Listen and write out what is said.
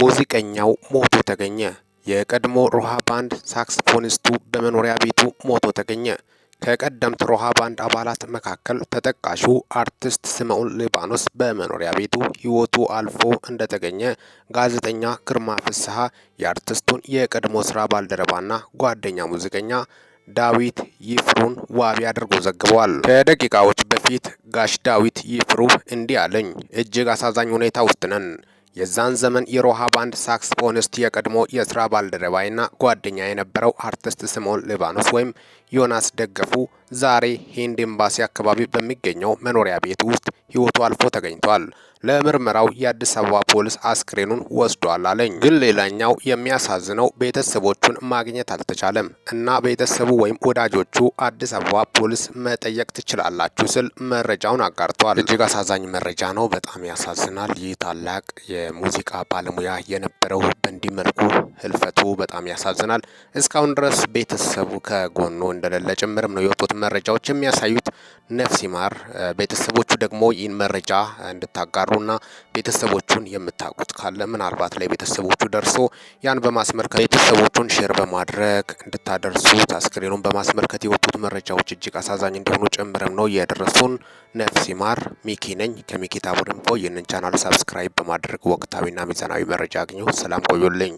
ሙዚቀኛው ሞቶ ተገኘ። የቀድሞ ሮሃ ባንድ ሳክስፎኒስቱ በመኖሪያ ቤቱ ሞቶ ተገኘ። ከቀደምት ሮሃ ባንድ አባላት መካከል ተጠቃሹ አርቲስት ስምኦን ሊባኖስ በመኖሪያ ቤቱ ሕይወቱ አልፎ እንደተገኘ ጋዜጠኛ ግርማ ፍስሐ የአርቲስቱን የቀድሞ ስራ ባልደረባና ጓደኛ ሙዚቀኛ ዳዊት ይፍሩን ዋቢ አድርጎ ዘግቧል። ከደቂቃዎች በፊት ጋሽ ዳዊት ይፍሩ እንዲህ አለኝ። እጅግ አሳዛኝ ሁኔታ ውስጥ ነን። የዛን ዘመን የሮሃ ባንድ ሳክስፎኒስት የቀድሞ የስራ ባልደረባይና ጓደኛ የነበረው አርቲስት ስምኦን ሊባኖስ ወይም ዮናስ ደገፉ ዛሬ ሂንድ ኤምባሲ አካባቢ በሚገኘው መኖሪያ ቤት ውስጥ ሕይወቱ አልፎ ተገኝቷል። ለምርመራው የአዲስ አበባ ፖሊስ አስክሬኑን ወስዷል አለኝ። ግን ሌላኛው የሚያሳዝነው ቤተሰቦቹን ማግኘት አልተቻለም እና ቤተሰቡ ወይም ወዳጆቹ አዲስ አበባ ፖሊስ መጠየቅ ትችላላችሁ ስል መረጃውን አጋርቷል። እጅግ አሳዛኝ መረጃ ነው። በጣም ያሳዝናል። ይህ ታላቅ የ የሙዚቃ ባለሙያ የነበረው በእንዲህ መልኩ ህልፈቱ በጣም ያሳዝናል። እስካሁን ድረስ ቤተሰቡ ከጎኑ እንደሌለ ጭምርም ነው የወጡት መረጃዎች የሚያሳዩት። ነፍስ ይማር ቤተሰቦቹ ደግሞ ይህን መረጃ እንድታጋሩና ቤተሰቦቹን የምታውቁት ካለ ምናልባት ላይ ቤተሰቦቹ ደርሶ ያን በማስመልከት ቤተሰቦቹን ሼር በማድረግ እንድታደርሱት። አስክሬኑን በማስመልከት የወጡት መረጃዎች እጅግ አሳዛኝ እንደሆኑ ጭምርም ነው የደረሱን። ነፍሲ ማር ሚኪ ነኝ ከሚኪ ታቦር ይህንን ቻናል ሰብስክራይብ በማድረግ ወቅታዊና ሚዛናዊ መረጃ አግኘሁ። ሰላም ቆዩልኝ።